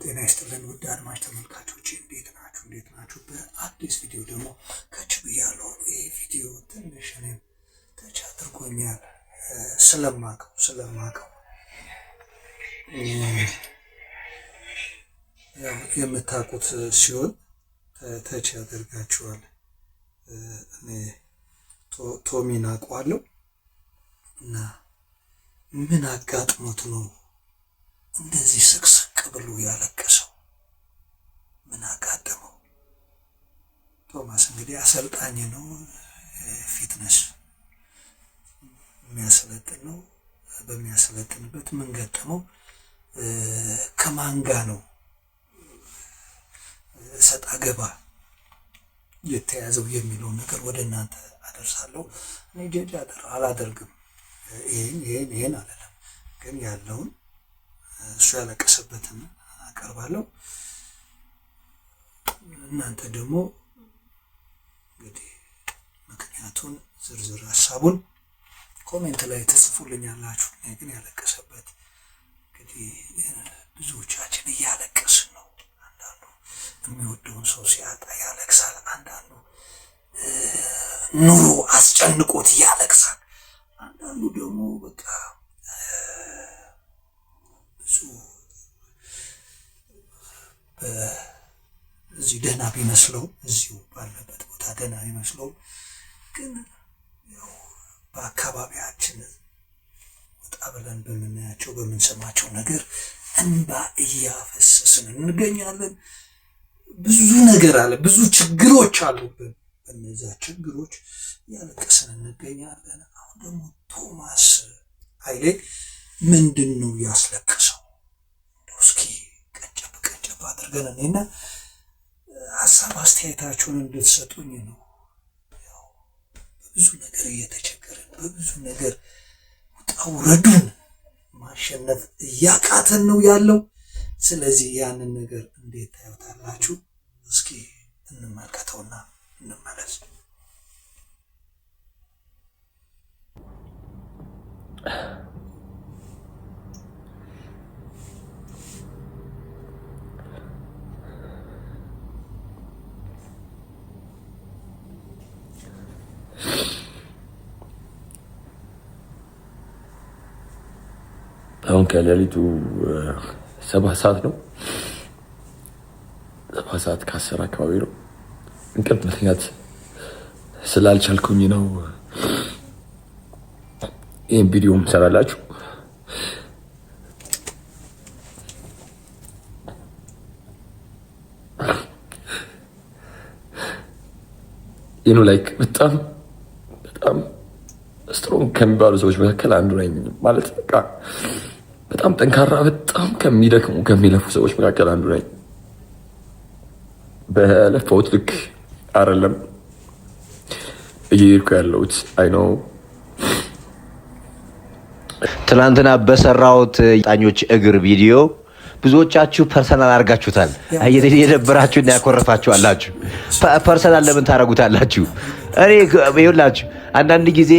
ጤና ይስጥልን ውድ አድማጭ ተመልካቾች፣ እንዴት ናችሁ? እንዴት ናችሁ? በአዲስ ቪዲዮ ደግሞ ከች ብያለሁ። ይህ ቪዲዮ ትንሽ እኔም ተች አድርጎኛል። ስለማቀው ስለማቀው የምታውቁት ሲሆን ተች ያደርጋችኋል። እኔ ቶሚን አውቀዋለሁ እና ምን አጋጥሞት ነው እንደዚህ ስቅስቅ ብሎ ያለቀሰው? ምን አጋጠመው? ቶማስ እንግዲህ አሰልጣኝ ነው፣ ፊትነስ የሚያሰለጥን ነው። በሚያሰለጥንበት ምን ገጠመው? ነው ሰጣ ገባ የተያዘው የሚለውን ነገር ወደ እናንተ አደርሳለሁ። እኔ ጀጅ አላደርግም። ይህን ይህን ይህን አላለም፣ ግን ያለውን እሱ ያለቀሰበትን አቀርባለሁ። እናንተ ደግሞ እንግዲህ ምክንያቱን ዝርዝር ሀሳቡን ኮሜንት ላይ ትጽፉልኛላችሁ። እኔ ግን ያለቀሰበት እንግዲህ ብዙዎቻችን እያለቀስን ነው። አንዳንዱ የሚወደውን ሰው ሲያጣ ያለቅሳል። አንዳንዱ ኑሮ አስጨንቆት ያለቅሳል። አንዳንዱ ደግሞ በቃ ብዙ እዚህ ደህና ቢመስለው እዚሁ ባለበት ቦታ ደህና ቢመስለው ግን ያው በአካባቢያችን ወጣ ብለን በምናያቸው በምንሰማቸው ነገር እንባ እያፈሰስን እንገኛለን። ብዙ ነገር አለ፣ ብዙ ችግሮች አሉብን። በነዛ ችግሮች እያለቀስን እንገኛለን። አሁን ደግሞ ቶማስ ኃይሌ ምንድን ነው ያስለቅሰው? እስኪ ቀጨብ ቀጨብ አድርገን እኔና ሀሳብ አስተያየታችሁን እንድትሰጡኝ ነው። በብዙ ነገር እየተቸገረን በብዙ ነገር ውጣ ውረዱን ማሸነፍ እያቃተን ነው ያለው። ስለዚህ ያንን ነገር እንዴት ታዩታላችሁ? እስኪ እንመልከተውና እንመለስ። አሁን ከሌሊቱ ሰባት ሰዓት ነው። ሰባት ሰዓት ከአስር አካባቢ ነው። እንቅልፍ ምክንያት ስላልቻልኩኝ ነው ይህን ቪዲዮም ምሰራላችሁ። ይኑ ላይክ በጣም በጣም ስትሮንግ ከሚባሉ ሰዎች መካከል አንዱ ነኝ። ማለት በቃ በጣም ጠንካራ በጣም ከሚደክሙ ከሚለፉ ሰዎች መካከል አንዱ ነኝ። በለፋሁት ልክ አይደለም እየሄድኩ ያለሁት አይ ነው። ትናንትና በሰራሁት ጣኞች እግር ቪዲዮ ብዙዎቻችሁ ፐርሰናል አድርጋችሁታል። የደበራችሁ እና ያኮረፋችሁ አላችሁ። ፐርሰናል ለምን ታደርጉታላችሁ? እኔ ይኸውላችሁ አንዳንድ ጊዜ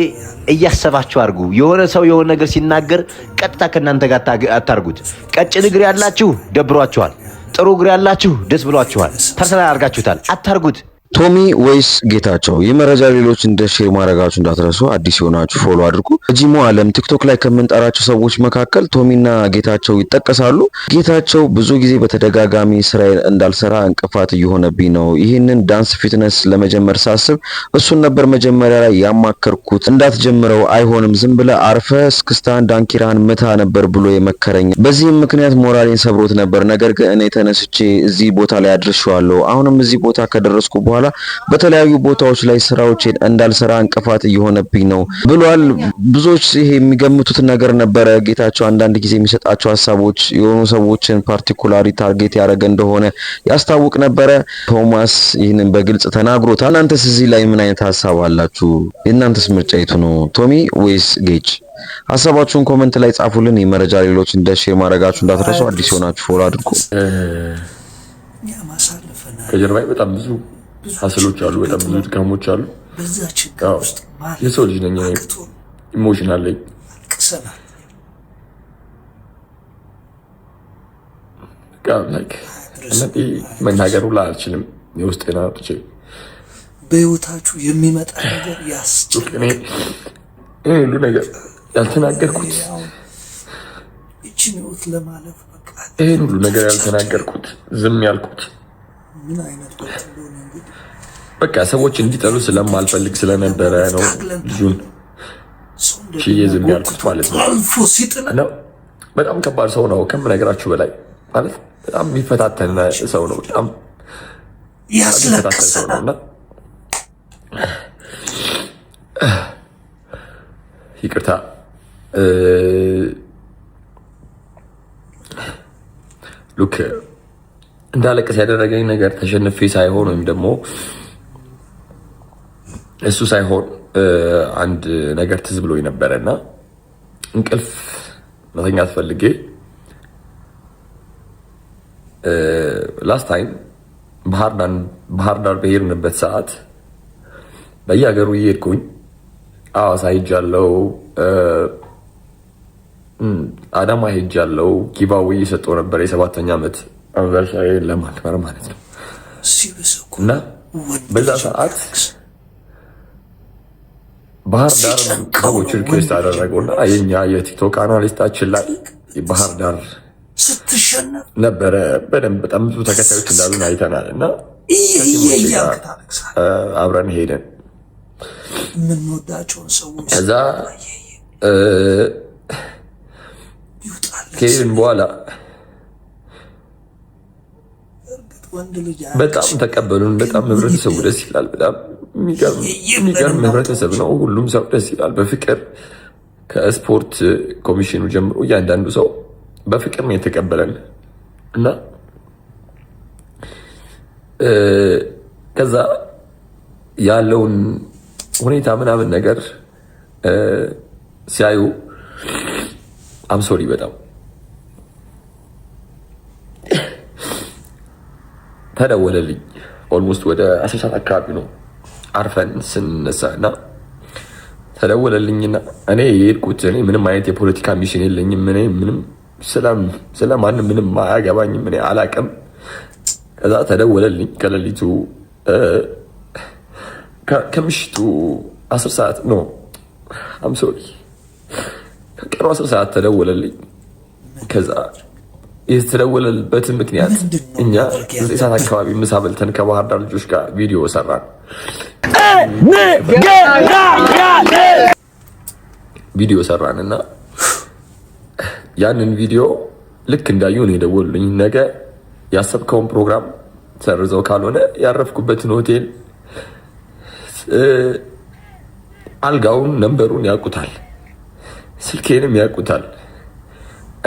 እያሰባችሁ አድርጉ። የሆነ ሰው የሆነ ነገር ሲናገር ቀጥታ ከእናንተ ጋር አታርጉት። ቀጭን እግር ያላችሁ ደብሯችኋል፣ ጥሩ እግር ያላችሁ ደስ ብሏችኋል። ፐርሰናል አድርጋችሁታል፣ አታርጉት። ቶሚ ወይስ ጌታቸው? ይህ መረጃ ሌሎች እንደ ሼር ማድረጋችሁ እንዳትረሱ። አዲስ የሆናችሁ ፎሎ አድርጉ። በጂሞ ዓለም ቲክቶክ ላይ ከምንጠራቸው ሰዎች መካከል ቶሚና ጌታቸው ይጠቀሳሉ። ጌታቸው ብዙ ጊዜ በተደጋጋሚ ስራ እንዳልሰራ እንቅፋት እየሆነብኝ ነው። ይህንን ዳንስ ፊትነስ ለመጀመር ሳስብ እሱን ነበር መጀመሪያ ላይ ያማከርኩት። እንዳትጀምረው አይሆንም፣ ዝም ብለ አርፈ እስክስታን ዳንኪራን ምታ ነበር ብሎ የመከረኝ። በዚህም ምክንያት ሞራሌን ሰብሮት ነበር። ነገር ግን እኔ ተነስቼ እዚህ ቦታ ላይ አድርሸዋለሁ። አሁንም እዚህ ቦታ ከደረስኩ በኋላ በኋላ በተለያዩ ቦታዎች ላይ ስራዎችን እንዳልሰራ እንቅፋት እየሆነብኝ ነው ብሏል። ብዙዎች ይሄ የሚገምቱት ነገር ነበረ። ጌታቸው አንዳንድ ጊዜ የሚሰጣቸው ሀሳቦች የሆኑ ሰዎችን ፓርቲኩላሪ ታርጌት ያደረገ እንደሆነ ያስታውቅ ነበረ። ቶማስ ይህንን በግልጽ ተናግሮታል። እናንተስ እዚህ ላይ ምን አይነት ሀሳብ አላችሁ? የእናንተስ ምርጫ የቱ ነው? ቶሚ ወይስ ጌጭ? ሀሳባችሁን ኮመንት ላይ ጻፉልን። የመረጃ ሌሎች እንደ ሼር ማድረጋችሁ እንዳትረሱ። አዲስ የሆናችሁ ፎሎ አድርጉ። ከጀርባ በጣም ብዙ ሀስሎች አሉ፣ በጣም ብዙ ድካሞች አሉ። የሰው ልጅ ነኝ፣ ኢሞሽናል ላይ መናገር ሁላ አልችልም። የውስጥ ና ጥቼ በህይወታችሁ የሚመጣ ነገር ያስችላል። ሁሉ ነገር ያልተናገርኩት ይህን ሁሉ ነገር ያልተናገርኩት ዝም ያልኩት ምን አይነት ወጥ እንደሆነ እንግዲህ በቃ ሰዎች እንዲጠሉ ስለማልፈልግ ስለነበረ ነው ልጁን ችዬ ዝም ያልኩት ማለት ነው። በጣም ከባድ ሰው ነው ከምነግራችሁ በላይ ማለት በጣም የሚፈታተን ሰው ነው። በጣም የሚፈታተን ይቅርታ ሉክ እንዳለቀስ ያደረገኝ ነገር ተሸንፌ ሳይሆን ወይም ደግሞ እሱ ሳይሆን አንድ ነገር ትዝ ብሎኝ ነበረ እና እንቅልፍ መተኛት ፈልጌ ላስት ታይም ባህር ዳር በሄድንበት ሰዓት በየሀገሩ እየሄድኩኝ አዋሳ ሄጃለሁ፣ አዳማ ሄጃለሁ። ጊባዊ እየሰጠው ነበር የሰባተኛ ዓመት ዛሻዬን ለማክበር ማለት ነው። እና በዛ ሰዓት ባህር ዳር ሰዎች ሪኩዌስት አደረጉና የኛ የቲክቶክ አናሊስታችን ላይ ባህር ዳር ነበረ በደንብ በጣም ብዙ ተከታዮች እንዳሉን አይተናል። እና አብረን ሄደን ከዛ ከሄድን በኋላ በጣም ተቀበሉን። በጣም ህብረተሰቡ ደስ ይላል። በጣም የሚገርም ህብረተሰብ ነው። ሁሉም ሰው ደስ ይላል። በፍቅር ከስፖርት ኮሚሽኑ ጀምሮ እያንዳንዱ ሰው በፍቅር ነው የተቀበለን እና ከዛ ያለውን ሁኔታ ምናምን ነገር ሲያዩ አምሶሪ በጣም ተደወለልኝ። ኦልሞስት ወደ አስር ሰዓት አካባቢ ነው አርፈን ስንነሳ እና ተደወለልኝና እኔ የሄድኩት እኔ ምንም አይነት የፖለቲካ ሚሽን የለኝም። እኔ ምንም ስለማንም ምንም አያገባኝም። እኔ አላቅም። ከዛ ተደወለልኝ ከሌሊቱ ከምሽቱ አስር ሰዓት ነው አምሶሪ ከቀኑ አስር ሰዓት ተደወለልኝ ከዛ የተደወለበትን ምክንያት እኛ ዘጠኝ ሰዓት አካባቢ ምሳ በልተን ከባህር ዳር ልጆች ጋር ቪዲዮ ሰራን። ቪዲዮ ሰራን እና ያንን ቪዲዮ ልክ እንዳዩ ነው የደወሉልኝ። ነገ ያሰብከውን ፕሮግራም ሰርዘው ካልሆነ ያረፍኩበትን ሆቴል አልጋውን፣ ነንበሩን ያውቁታል፣ ስልኬንም ያውቁታል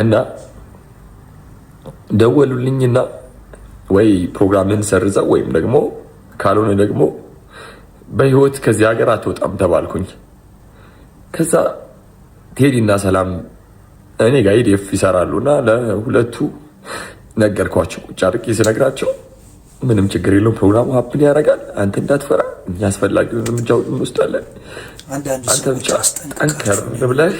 እና ደወሉልኝና ወይ ፕሮግራምህን ሰርዘው ወይም ደግሞ ካልሆነ ደግሞ በህይወት ከዚህ ሀገር አትወጣም ተባልኩኝ። ከዛ ቴዲና ሰላም እኔ ጋር ኢዴፍ ይሰራሉ እና ለሁለቱ ነገርኳቸው። ቁጭ አድርጌ ስነግራቸው ምንም ችግር የለውም ፕሮግራሙ ሀፕን ያደርጋል። አንተ እንዳትፈራ፣ እኛ አስፈላጊውን እርምጃ እንወስዳለን። አንተ ብቻ ጠንከር ብለህ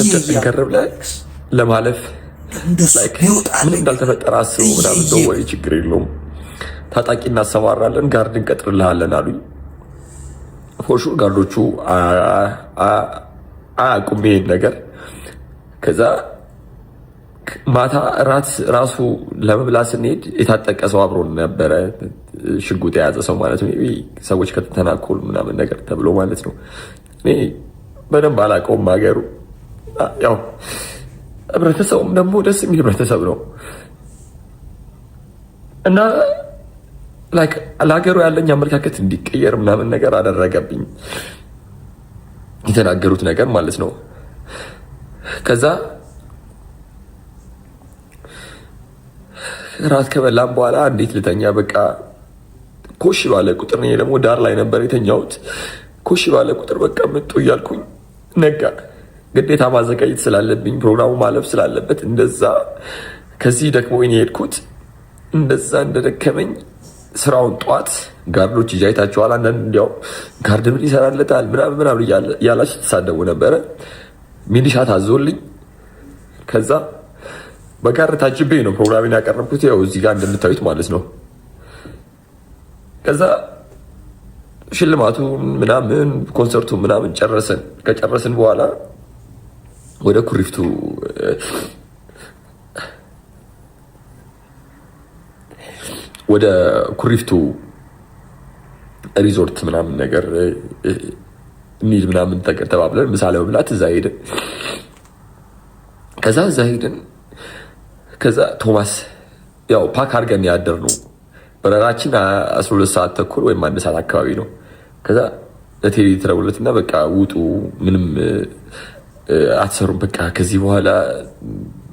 ጠንከር ብለህ ለማለፍ ምን እንዳልተፈጠረ አስቡ ምናምን ነው ወይ ችግር የለውም ታጣቂ እናሰማራለን ጋርድ እንቀጥርልሃለን አሉኝ። ፎሹ ጋርዶቹ አያውቁም ይሄን ነገር። ከዛ ማታ ራት ራሱ ለመብላት ስንሄድ የታጠቀ ሰው አብሮን ነበረ፣ ሽጉጥ የያዘ ሰው ማለት ነው። ሰዎች ከተተናኮሉ ምናምን ነገር ተብሎ ማለት ነው። እኔ በደንብ አላውቀውም ሀገሩ ያው ህብረተሰቡም ደግሞ ደስ የሚል ህብረተሰብ ነው እና ለሀገሩ ያለኝ አመለካከት እንዲቀየር ምናምን ነገር አደረገብኝ የተናገሩት ነገር ማለት ነው። ከዛ ራት ከበላም በኋላ እንዴት ልተኛ በቃ ኮሽ ባለ ቁጥር ደግሞ ዳር ላይ ነበር የተኛሁት። ኮሽ ባለ ቁጥር በቃ ምጡ እያልኩኝ ነጋ። ግዴታ ማዘጋጀት ስላለብኝ ፕሮግራሙ ማለፍ ስላለበት እንደዛ ከዚህ ወይን የሄድኩት እንደዛ እንደደከመኝ ስራውን ጠዋት ጋርዶች ይዤ አይታችኋል። አንዳንድ እንዲያው ጋርድ ምን ይሰራለታል ምናምን ምናምን ያላችሁ ትሳደቡ ነበረ። ሚሊሻ ታዞልኝ ከዛ በጋር ታጅቤ ነው ፕሮግራሚን ያቀረብኩት። ያው እዚህ ጋር እንደምታዩት ማለት ነው። ከዛ ሽልማቱ ምናምን ኮንሰርቱ ምናምን ጨረሰን። ከጨረስን በኋላ ወደ ኩሪፍቱ ወደ ኩሪፍቱ ሪዞርት ምናምን ነገር እንሂድ ምናምን ተባብለን ምሳ ለመብላት እዛ ሄድን። ከዛ እዛ ሄድን። ከዛ ቶማስ ያው ፓክ አድርገን ነው በረራችን አስራ ሁለት ሰዓት ተኩል ወይም አንድ ሰዓት አካባቢ ነው። ከዛ ለቴሌ እና በቃ ውጡ ምንም አትሰሩም፣ በቃ ከዚህ በኋላ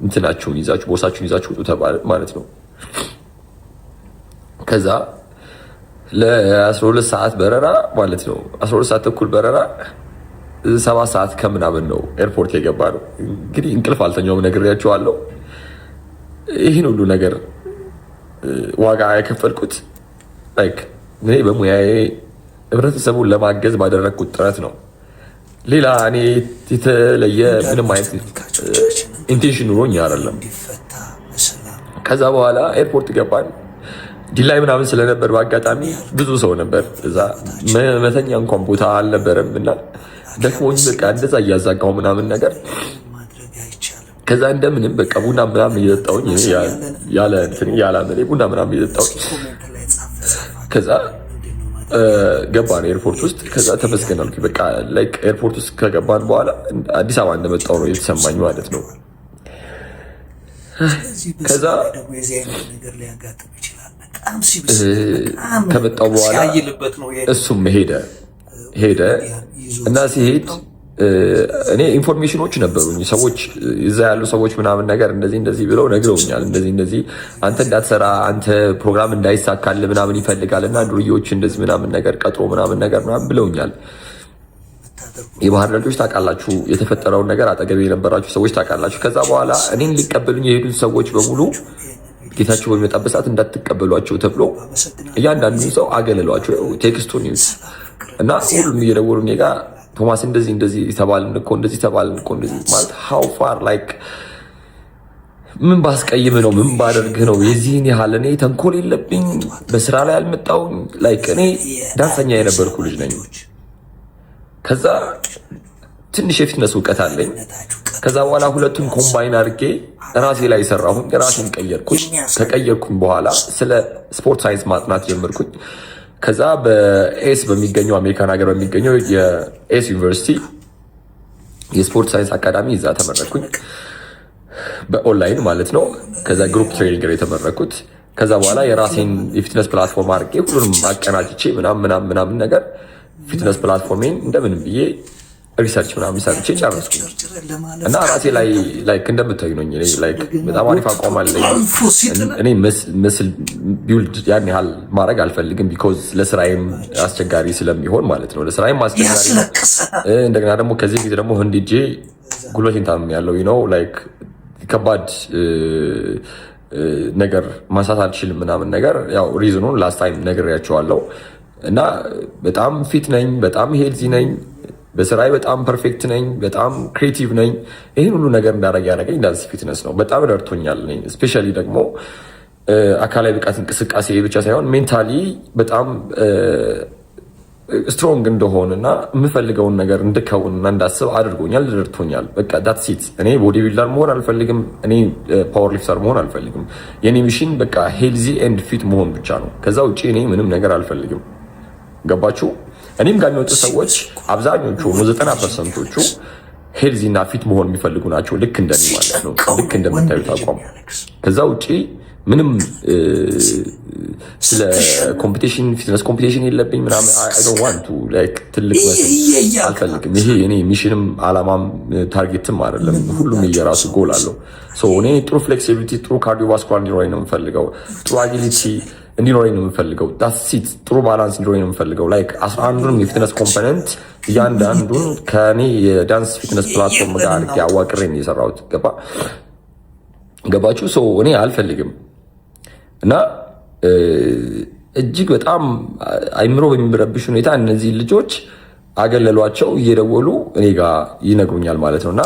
እንትናችሁን ይዛችሁ ቦርሳችሁን ይዛችሁ ውጡ ማለት ነው። ከዛ ለ12 ሰዓት በረራ ማለት ነው 12 ሰዓት ተኩል በረራ ሰባት ሰዓት ከምናምን ነው ኤርፖርት የገባ ነው። እንግዲህ እንቅልፍ አልተኛውም ነግሬያቸዋለሁ። ይህን ሁሉ ነገር ዋጋ የከፈልኩት እኔ በሙያዬ ህብረተሰቡን ለማገዝ ባደረግኩት ጥረት ነው። ሌላ እኔ የተለየ ምንም አይነት ኢንቴንሽን ኑሮኝ አይደለም። ከዛ በኋላ ኤርፖርት ገባን። ዲላይ ምናምን ስለነበር በአጋጣሚ ብዙ ሰው ነበር እዛ። መተኛ እንኳን ቦታ አልነበረም እና ደክሞኝ በቃ እንደዛ እያዛጋው ምናምን ነገር ከዛ እንደምንም በቃ ቡና ምናምን እየጠጣውኝ ያለ ቡና ምናምን እየጠጣውኝ ከዛ ገባን ኤርፖርት ውስጥ። ከዛ ተመስገን አልኩኝ። በቃ ላይክ ኤርፖርት ውስጥ ከገባን በኋላ አዲስ አበባ እንደመጣው ነው የተሰማኝ ማለት ነው። ከዛ ከመጣው በኋላ እሱም ሄደ ሄደ እና ሲሄድ እኔ ኢንፎርሜሽኖች ነበሩኝ። ሰዎች እዛ ያሉ ሰዎች ምናምን ነገር እንደዚህ እንደዚህ ብለው ነግረውኛል። እንደዚህ እንደዚህ አንተ እንዳትሰራ አንተ ፕሮግራም እንዳይሳካል ምናምን ይፈልጋል እና ዱርዬዎች እንደዚህ ምናምን ነገር ቀጥሮ ምናምን ነገር ምናምን ብለውኛል። የባህር ልጆች ታውቃላችሁ፣ የተፈጠረውን ነገር አጠገብ የነበራችሁ ሰዎች ታውቃላችሁ። ከዛ በኋላ እኔን ሊቀበሉኝ የሄዱን ሰዎች በሙሉ ጌታቸው በሚመጣበት ሰዓት እንዳትቀበሏቸው ተብሎ እያንዳንዱ ሰው አገለሏቸው። ቴክስቱን እና ሁሉም እየደወሉ እኔ ቶማስ እንደዚህ እንደዚህ ተባልን እኮ እንደዚህ ተባልን እኮ እንደዚህ ማለት ሀው ፋር ላይክ ምን ባስቀይም ነው ምን ባደርግህ ነው የዚህን ያህል እኔ ተንኮል የለብኝ በስራ ላይ አልመጣውኝ ላይክ እኔ ዳንሰኛ የነበርኩ ልጅ ነኝ ከዛ ትንሽ የፊትነስ እውቀት አለኝ ከዛ በኋላ ሁለቱን ኮምባይን አድርጌ ራሴ ላይ ሰራሁኝ ራሴን ቀየርኩኝ ከቀየርኩኝ በኋላ ስለ ስፖርት ሳይንስ ማጥናት ጀመርኩኝ ከዛ በኤስ በሚገኘው አሜሪካን ሀገር በሚገኘው የኤስ ዩኒቨርሲቲ የስፖርት ሳይንስ አካዳሚ እዛ ተመረኩኝ፣ በኦንላይን ማለት ነው። ከዛ ግሩፕ ትሬኒንግ የተመረኩት። ከዛ በኋላ የራሴን የፊትነስ ፕላትፎርም አድርጌ ሁሉንም አቀናጅቼ ምናምን ምናምን ነገር ፊትነስ ፕላትፎርሜን እንደምንም ብዬ ሪሰርች ምናምን ሰርቼ ጨረስኩ እና ራሴ ላይ ላይክ እንደምታዩ ነኝ። ላይክ በጣም አሪፍ አቋም አለኝ። እኔ ምስል ቢውልድ ያን ያህል ማድረግ አልፈልግም፣ ቢኮዝ ለስራዬም አስቸጋሪ ስለሚሆን ማለት ነው። ለስራዬም አስቸጋሪ እንደገና ደግሞ ከዚህ ፊት ደግሞ ህንድ ሄጄ ጉልበቴን ታምም ያለው ነው። ላይክ ከባድ ነገር ማንሳት አልችልም ምናምን ነገር ያው ሪዝኑን ላስት ታይም ነግሬያቸዋለሁ። እና በጣም ፊት ነኝ፣ በጣም ሄልዚ ነኝ በስራዬ በጣም ፐርፌክት ነኝ፣ በጣም ክሬቲቭ ነኝ። ይህን ሁሉ ነገር እንዳደረግ ያደረገኝ እንዳዚህ ፊትነስ ነው። በጣም ረድቶኛል። እስፔሻሊ ደግሞ አካላዊ ብቃት እንቅስቃሴ ብቻ ሳይሆን ሜንታሊ በጣም ስትሮንግ እንደሆን እና የምፈልገውን ነገር እንድከውን እና እንዳስብ አድርጎኛል፣ ረድቶኛል። በቃ ዳት እኔ ቦዲ ቢልደር መሆን አልፈልግም። እኔ ፓወር ሊፍተር መሆን አልፈልግም። የኔ ሚሽን በቃ ሄልዚ ኤንድ ፊት መሆን ብቻ ነው። ከዛ ውጭ እኔ ምንም ነገር አልፈልግም። ገባችሁ? እኔም ጋር የሚወጡ ሰዎች አብዛኞቹ ዘጠና ፐርሰንቶቹ ሄልዚ እና ፊት መሆን የሚፈልጉ ናቸው። ልክ እንደኔ ማለት ነው። ልክ እንደምታዩት አቋም። ከዛ ውጭ ምንም ስለ ኮምፒቴሽን ፊትነስ ኮምፒቴሽን የለብኝ ምናምን ትልቅ አልፈልግም። ይሄ እኔ ሚሽንም አላማም ታርጌትም አይደለም። ሁሉም እየራሱ ጎል አለው። እኔ ጥሩ ፍሌክሲቢሊቲ፣ ጥሩ ካርዲዮቫስኩላር ነው የምፈልገው ጥሩ አጊሊቲ እንዲኖረኝ ነው የምፈልገው። ዳሲት ጥሩ ባላንስ እንዲኖረኝ ነው የምፈልገው። ላይክ አስራ አንዱንም የፊትነስ ኮምፖነንት እያንዳንዱን ከኔ የዳንስ ፊትነስ ፕላትፎርም ጋር አድርጌ አዋቅሬ ነው የሰራሁት። ገባ ገባችሁ? ሰው እኔ አልፈልግም እና እጅግ በጣም አይምሮ በሚረብሽ ሁኔታ እነዚህ ልጆች አገለሏቸው እየደወሉ እኔ ጋር ይነግሩኛል ማለት ነው እና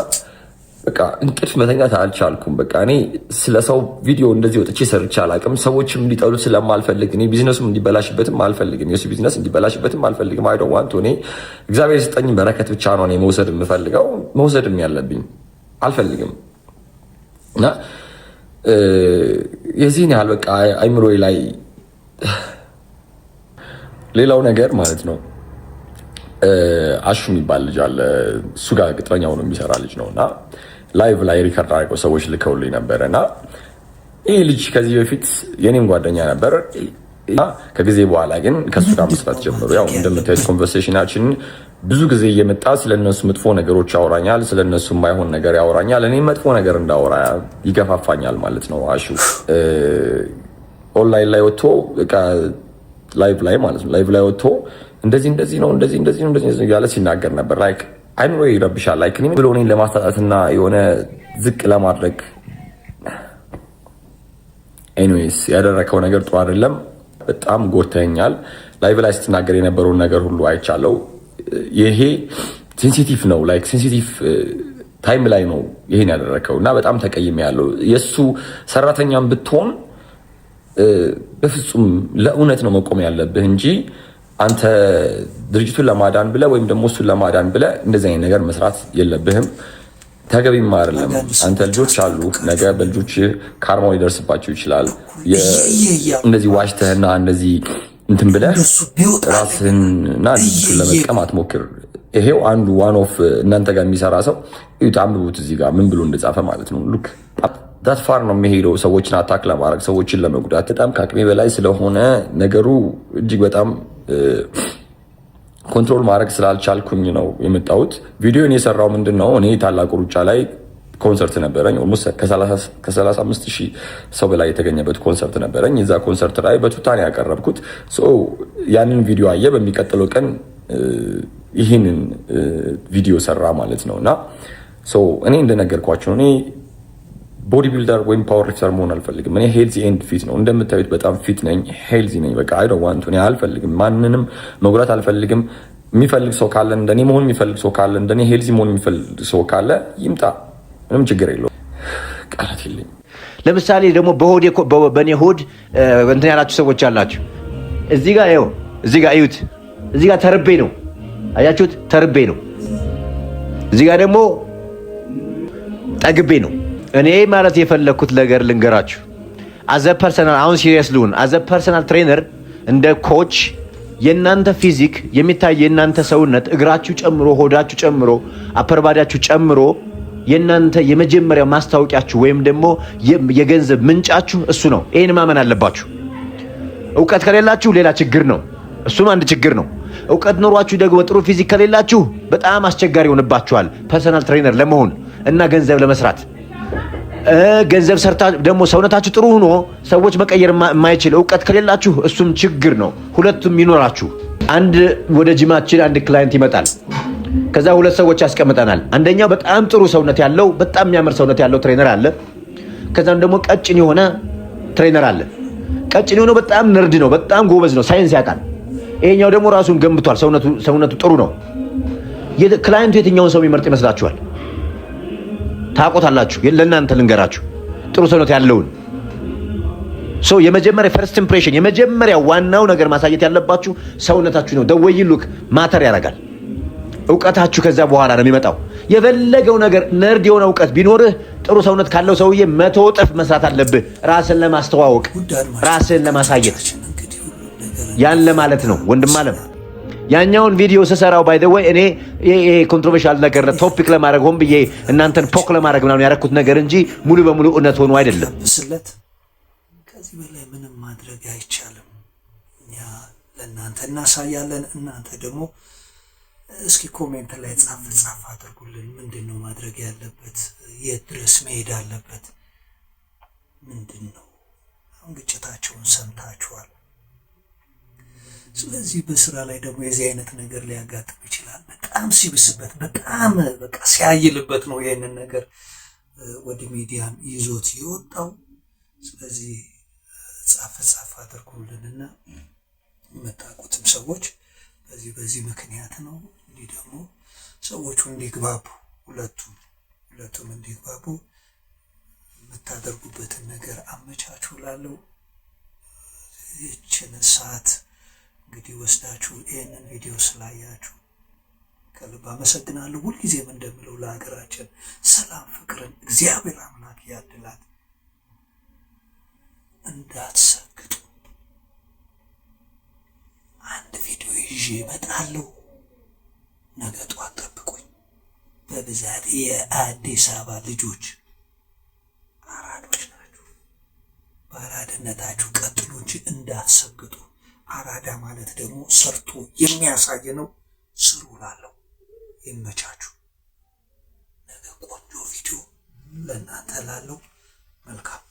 በቃ እንቅልፍ መተኛት አልቻልኩም። በቃ እኔ ስለ ሰው ቪዲዮ እንደዚህ ወጥቼ ሰርቼ አላውቅም። ሰዎችም እንዲጠሉ ስለማልፈልግ እኔ ቢዝነሱም እንዲበላሽበትም አልፈልግም። የሱ ቢዝነስ እንዲበላሽበትም አልፈልግም። አይ ዶንት ዋንት። እኔ እግዚአብሔር ስጠኝ በረከት ብቻ ነው እኔ መውሰድ የምፈልገው መውሰድም ያለብኝ አልፈልግም። እና የዚህን ያህል በቃ አይምሮ ላይ ሌላው ነገር ማለት ነው አሹ የሚባል ልጅ አለ። እሱ ጋር ቅጥረኛ ሆኖ የሚሰራ ልጅ ነው እና ላይቭ ላይ ሪከርድ አድርገው ሰዎች ልከውልኝ ነበር እና ይህ ልጅ ከዚህ በፊት የኔም ጓደኛ ነበር። ከጊዜ በኋላ ግን ከሱ ጋር መስራት ጀምሩ። ያው እንደምታዩት ኮንቨርሴሽናችን ብዙ ጊዜ እየመጣ ስለነሱ መጥፎ ነገሮች ያወራኛል፣ ስለነሱ የማይሆን ነገር ያወራኛል፣ እኔ መጥፎ ነገር እንዳወራ ይገፋፋኛል ማለት ነው። አሹ ኦንላይን ላይ ወጥቶ ላይቭ ላይ ማለት ነው ላይቭ ላይ ወጥቶ እንደዚህ እንደዚህ ነው እንደዚህ እንደዚህ ነው እንደዚህ ያለ ሲናገር ነበር ላይክ አይምሮ ይረብሻል። ላይክ እኔ ብሎ እኔን ለማስታጣትና የሆነ ዝቅ ለማድረግ ኤኒዌይስ ያደረከው ነገር ጥሩ አይደለም። በጣም ጎተኛል። ላይቭ ላይ ስትናገር የነበረውን ነገር ሁሉ አይቻለው። ይሄ ሴንሲቲቭ ነው፣ ላይክ ሴንሲቲቭ ታይም ላይ ነው ይሄን ያደረከው እና በጣም ተቀይሜ ያለው የእሱ ሰራተኛም ብትሆን uh, በፍጹም ለእውነት ነው መቆም ያለብህ እንጂ አንተ ድርጅቱን ለማዳን ብለ ወይም ደግሞ እሱን ለማዳን ብለ እንደዚህ አይነት ነገር መስራት የለብህም። ተገቢም አይደለም። አንተ ልጆች አሉ፣ ነገ በልጆች ካርማው ሊደርስባቸው ይችላል። እንደዚህ ዋሽተህና እንደዚህ እንትን ብለህ ራስህንና ድርጅቱን ለመጥቀም አትሞክር። ይሄው አንዱ ዋን ኦፍ እናንተ ጋር የሚሰራ ሰው እዩት፣ አንብቡት። እዚህ ጋር ምን ብሎ እንደጻፈ ማለት ነው። ሉክ ፋር ነው የሚሄደው ሰዎችን አታክ ለማድረግ ሰዎችን ለመጉዳት በጣም ከአቅሜ በላይ ስለሆነ ነገሩ እጅግ በጣም ኮንትሮል ማድረግ ስላልቻልኩኝ ነው የመጣሁት። ቪዲዮን የሰራው ምንድን ነው እኔ ታላቁ ሩጫ ላይ ኮንሰርት ነበረኝ። ኦልሞስት ከ35 ሺህ ሰው በላይ የተገኘበት ኮንሰርት ነበረኝ። እዛ ኮንሰርት ላይ በቱታን ያቀረብኩት ያንን ቪዲዮ አየ። በሚቀጥለው ቀን ይህንን ቪዲዮ ሰራ ማለት ነው እና እኔ እንደነገርኳቸው እኔ ቦዲ ቢልደር ወይም ፓወር ሊፍተር መሆን አልፈልግም። እኔ ሄልዚ ኤንድ ፊት ነው እንደምታዩት፣ በጣም ፊት ነኝ፣ ሄልዚ ነኝ። በቃ አይ ዶንት ዋንት እኔ አልፈልግም፣ ማንንም መጉዳት አልፈልግም። የሚፈልግ ሰው ካለ እንደኔ መሆን የሚፈልግ ሰው ካለ እንደኔ ሄልዚ መሆን የሚፈልግ ሰው ካለ ይምጣ፣ ምንም ችግር የለውም። ቃላት የለኝ። ለምሳሌ ደግሞ በእኔ ሆድ እንትን ያላችሁ ሰዎች አላችሁ። እዚህ ጋር ይኸው፣ እዚህ ጋር እዩት፣ እዚህ ጋር ተርቤ ነው አያችሁት፣ ተርቤ ነው። እዚህ ጋር ደግሞ ጠግቤ ነው እኔ ማለት የፈለግኩት ነገር ልንገራችሁ። አዘ ፐርሰናል አሁን ሲሪየስ ልሁን። አዘ ፐርሰናል ትሬነር እንደ ኮች የእናንተ ፊዚክ የሚታይ የእናንተ ሰውነት እግራችሁ ጨምሮ ሆዳችሁ ጨምሮ አፐርባዳችሁ ጨምሮ የእናንተ የመጀመሪያ ማስታወቂያችሁ ወይም ደግሞ የገንዘብ ምንጫችሁ እሱ ነው። ይህን ማመን አለባችሁ። እውቀት ከሌላችሁ ሌላ ችግር ነው። እሱም አንድ ችግር ነው። እውቀት ኖሯችሁ ደግሞ ጥሩ ፊዚክ ከሌላችሁ በጣም አስቸጋሪ ይሆንባችኋል ፐርሰናል ትሬነር ለመሆን እና ገንዘብ ለመስራት ገንዘብ ሰርታ ደግሞ ሰውነታችሁ ጥሩ ሆኖ ሰዎች መቀየር የማይችል እውቀት ከሌላችሁ እሱም ችግር ነው። ሁለቱም ይኖራችሁ። አንድ ወደ ጅማችን አንድ ክላይንት ይመጣል። ከዛ ሁለት ሰዎች ያስቀምጠናል። አንደኛው በጣም ጥሩ ሰውነት ያለው በጣም የሚያምር ሰውነት ያለው ትሬነር አለ። ከዛም ደግሞ ቀጭን የሆነ ትሬነር አለ። ቀጭን የሆነው በጣም ነርድ ነው፣ በጣም ጎበዝ ነው፣ ሳይንስ ያውቃል። ይሄኛው ደግሞ ራሱን ገንብቷል፣ ሰውነቱ ጥሩ ነው። ክላይንቱ የትኛውን ሰው የሚመርጥ ይመስላችኋል? ታቆታላችሁ ለእናንተ ልንገራችሁ ጥሩ ሰውነት ያለውን ሰው የመጀመሪያ ፈርስት ኢምፕሬሽን የመጀመሪያ ዋናው ነገር ማሳየት ያለባችሁ ሰውነታችሁ ነው። ደወይ ሉክ ማተር ያደርጋል። እውቀታችሁ ከዛ በኋላ ነው የሚመጣው። የፈለገው ነገር ነርድ የሆነ እውቀት ቢኖርህ ጥሩ ሰውነት ካለው ሰውዬ መቶ እጥፍ መስራት አለብህ፣ ራስን ለማስተዋወቅ ራስን ለማሳየት ያን ለማለት ነው ወንድም አለም ያኛውን ቪዲዮ ስሰራው ባይ ዘ ወይ እኔ ይሄ ኮንትሮቨርሻል ነገር ቶፒክ ለማድረግ ሆን ብዬ እናንተን ፖክ ለማድረግ ምናምን ያደረኩት ነገር እንጂ ሙሉ በሙሉ እውነት ሆኖ አይደለም። ስለት ከዚህ በላይ ምንም ማድረግ አይቻልም። እኛ ለእናንተ እናሳያለን። እናንተ ደግሞ እስኪ ኮሜንት ላይ ጻፍ ጻፍ አድርጉልን። ምንድን ነው ማድረግ ያለበት? የት ድረስ መሄድ አለበት? ምንድን ነው አሁን ግጭታቸውን ሰምታችኋል። ስለዚህ በስራ ላይ ደግሞ የዚህ አይነት ነገር ሊያጋጥም ይችላል። በጣም ሲብስበት፣ በጣም በቃ ሲያይልበት ነው ይህንን ነገር ወደ ሚዲያም ይዞት የወጣው። ስለዚህ ጻፈ ጻፈ አድርጉልንና የመጣቁትም ሰዎች በዚህ በዚህ ምክንያት ነው። እንዲህ ደግሞ ሰዎቹ እንዲግባቡ ሁለቱም ሁለቱም እንዲግባቡ የምታደርጉበትን ነገር አመቻችሁ ላለው ይችን ሰዓት እንግዲህ ወስዳችሁ ይህንን ቪዲዮ ስላያችሁ ከልብ አመሰግናለሁ። ሁልጊዜም እንደምለው ለሀገራችን ሰላም፣ ፍቅርን እግዚአብሔር አምላክ ያድላት። እንዳትሰግጡ። አንድ ቪዲዮ ይዤ እመጣለሁ። ነገ ጠዋት ጠብቁኝ። በብዛት የአዲስ አበባ ልጆች አራዶች ናችሁ። በአራድነታችሁ ቀጥሎ እንጂ እንዳትሰግጡ። አራዳ ማለት ደግሞ ሰርቶ የሚያሳይ ነው። ስሩ ላለው ይመቻችሁ። ነገ ቆንጆ ቪዲዮ ለእናንተ ላለው መልካም